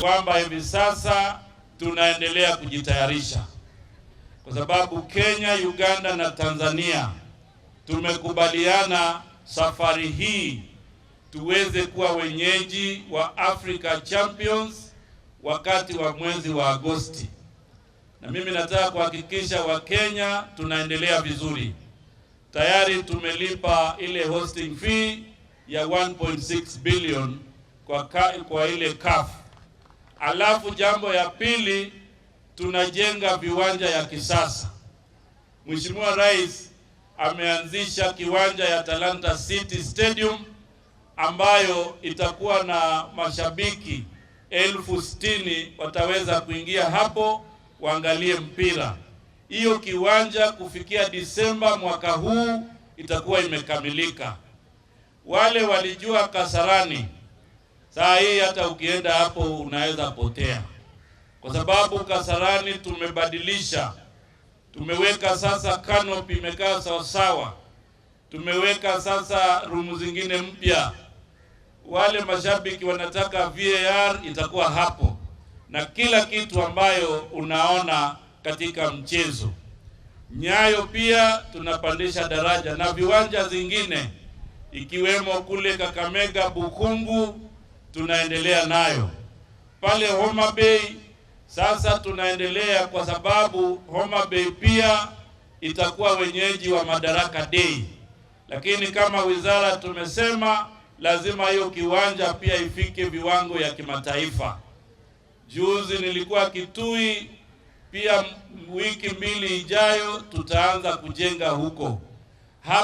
kwamba hivi sasa tunaendelea kujitayarisha kwa sababu Kenya, Uganda na Tanzania tumekubaliana safari hii tuweze kuwa wenyeji wa Africa Champions wakati wa mwezi wa Agosti, na mimi nataka kuhakikisha Wakenya tunaendelea vizuri. Tayari tumelipa ile hosting fee ya 1.6 billion kwa, ka, kwa ile kafu. Alafu jambo ya pili tunajenga viwanja ya kisasa. Mheshimiwa Rais ameanzisha kiwanja ya Talanta City Stadium ambayo itakuwa na mashabiki elfu sitini wataweza kuingia hapo waangalie mpira. Hiyo kiwanja kufikia Disemba mwaka huu itakuwa imekamilika. Wale walijua Kasarani Saa hii hata ukienda hapo unaweza potea, kwa sababu Kasarani tumebadilisha, tumeweka sasa kanopi imekaa sawasawa, tumeweka sasa rumu zingine mpya. Wale mashabiki wanataka VAR itakuwa hapo na kila kitu ambayo unaona katika mchezo. Nyayo pia tunapandisha daraja na viwanja zingine ikiwemo kule Kakamega, Bukungu tunaendelea nayo pale Homa Bay. Sasa tunaendelea kwa sababu Homa Bay pia itakuwa wenyeji wa Madaraka Day, lakini kama wizara tumesema lazima hiyo kiwanja pia ifike viwango ya kimataifa. Juzi nilikuwa Kitui, pia wiki mbili ijayo tutaanza kujenga huko.